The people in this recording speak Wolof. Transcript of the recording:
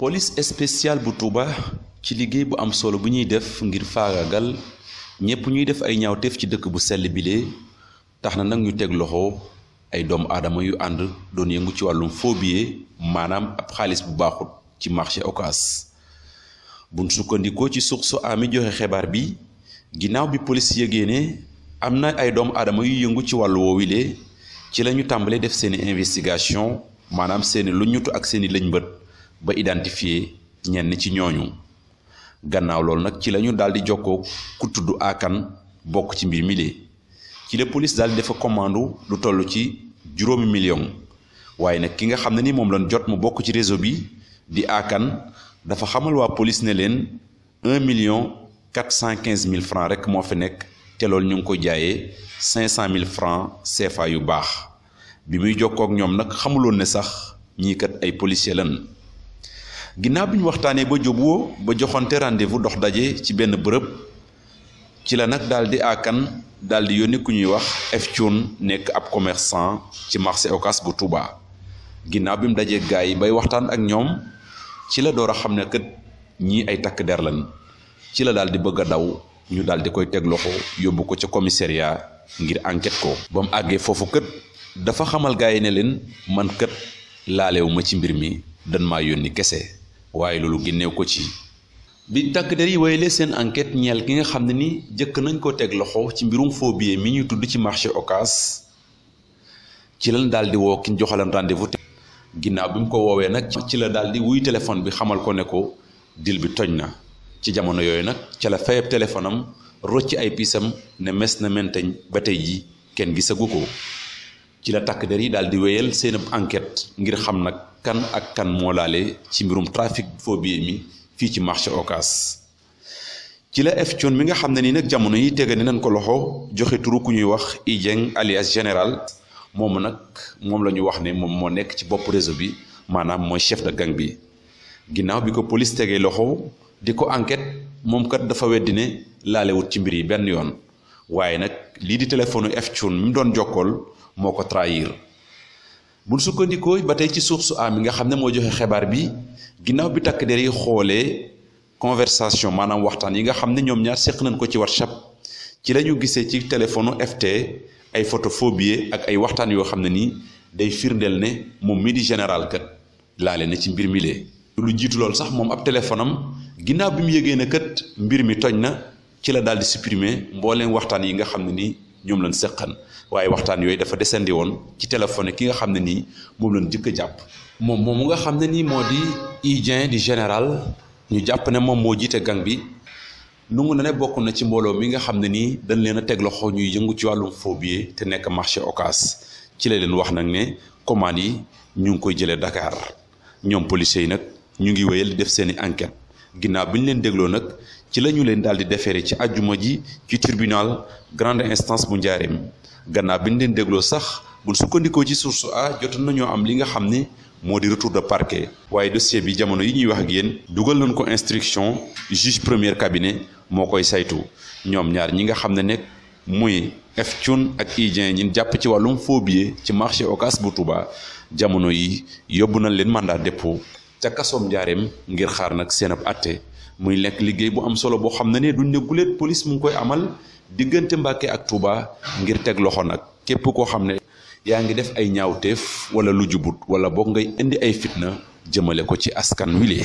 police spéciale bu Touba ci liggéey bu am solo bu ñuy def ngir faagaagal ñépp ñuy def ay ñaawteef ci dëkk bu sell bile tax na nag ñu teg loxo ay doomu aadama yu ànd doon yëngu ci wàllum faux maanaam ab xaalis bu baaxut ci marché Ocass buñ sukkandikoo ci source a mi joxe xibaar bi ginnaaw bi police yëgee ne am na ay doomu aadama yu yëngu ci wàllu woowile ci la ñu tàmbalee def seeni investigation maanaam seeni luññutu ak seeni lëñbët ba identifier ñenn ci ñooñu gannaaw loolu nag ci lañu daal di jokkoo ku tudd Akane bokk ci mbir mi ci la police daal di defa commande lu toll ci juróomi million waaye nag ki nga xam ne ni moom lañ jot mu bokk ci réseau bi di Akane dafa xamal waa police ne leen million quatre cent quinze mille francs rek moo fi nekk te loolu ñu ngi ko jaayee cinq cent mille francs CFA yu baax bi muy jokkook ñoom nag xamuloon ne sax ñii kat ay policier lan ginnaaw bi ñu waxtaanee ba juboo ba joxante rendez-vous dox daje ci benn bërëb ci la nag daal di akan daal di yónni ku ñuy wax Eftiune nekk ab commerçant ci marché Ocass bu Touba ginnaaw bi mu dajee gaa yi bay waxtaan ak ñoom ci la door a xam ne kët ñii ay takk der lañ ci la daal di bëgg a daw ñu daal di koy teg loxo yóbbu ko ca commissariat ngir enquête ko ba mu àggee foofu kët dafa xamal gaa yi ne leen man kët laalewu ci mbir mi dan maa yónni kese waaye loolu génnew ko ci bi takk der yi wéyale seen enquête ñeel ki nga xam ne ni jëkk nañ ko teg loxo ci mbirum faux billet mi ñuy tudd ci marché ocas ci la daal di woo ki joxalan rendez-vous ginnaaw bi mu ko woowee nag ci la daal di wuy téléphone bi xamal ko ne ko dil bi toj na ci jamono yooyu nag ca la fayab téléphone am rocci ay piisam ne mes na menteñ ba tey ji kenn gisagu ko ci la takk der yi daal di wéyal seen enquête ngir xam nag kan ak kan moo laale ci mbirum trafic faux billets mi fii ci marché Ocass ci la F mi nga xam ne nii nag jamono yi tege ni nañ ko loxo joxe turu ku ñuy wax Idieng alias général moom nag moom la ñu wax ne moom moo nekk ci bopp réseau bi maanaam mooy chef de gang bi ginnaaw bi ko police tegee loxo di ko enquête moom kat dafa weddi ne laalewut ci mbir yi benn yoon waaye nag lii di téléphone F mi mu doon jokkool moo ko trahir bu ñu sukkandikoo ba tey ci su A mi nga xam ne moo joxe xibaar bi ginnaaw bi takk der yi xoolee conversation maanaam waxtaan yi nga xam ne ñoom ñaar seq nañ ko ci WhatsApp ci la ñu gisee ci téléphone FT ay photo phobie ak ay waxtaan yoo xam ne nii day firndeel ne moom mii di général kat laale na ci mbir mi lee lu jiitu loolu sax moom ab téléphone am ginnaaw bi mu yëgee ne kat mbir mi toj na ci la daal di supprimer mbooleem waxtaan yi nga xam ne nii. ñoom lañ seqan waaye waxtaan yooyu dafa desandi woon ci téléphone ki nga xam ne nii moom lañ jëkk a jàpp moom moom mu nga xam ne nii moo di Idien di général ñu jàpp ne moom moo jiite gang bi nungu na ne bokk na ci mbooloo mi nga xam ne nii dañ leen a teg loxo ñuy yëngu ci wàllum faux billets te nekk marché ocas ci la leen wax nag ne commande yi ñu ngi koy jëlee dakaar ñoom policiers yi nag ñu ngi wéyal di def seen i enquête ginnaaw bi ñu leen dégloo nag ci la ñu leen daal di defeere ci àjjuma ji ci tribunal grande instance bu njaareem gannaaw bi ñu leen dégloo sax buñ sukkandikoo ci source a jot nañoo am li nga xam ne moo di retour de parquet waaye dossier bi jamono yi ñuy wax ak dugal nañ ko instruction juge première cabinet moo koy saytu ñoom ñaar ñi nga xam ne nekk muy F Thioune ak Idien ñin jàpp ci wàllum faux billets ci marché Ocass bu Touba jamono yi yóbbu nañ leen mandat dépôt ca kasoom njaareem ngir xaar nag seen ab àtte muy lekk liggéey bu am solo boo xam ne ne duñ ne guléet polis mu ngi koy amal diggante Mbàkke ak Touba ngir teg loxo nag képp koo xam ne yaa ngi def ay ñaawteef wala lu jubut wala boog ngay indi ay fitna jëmale ko ci askan wi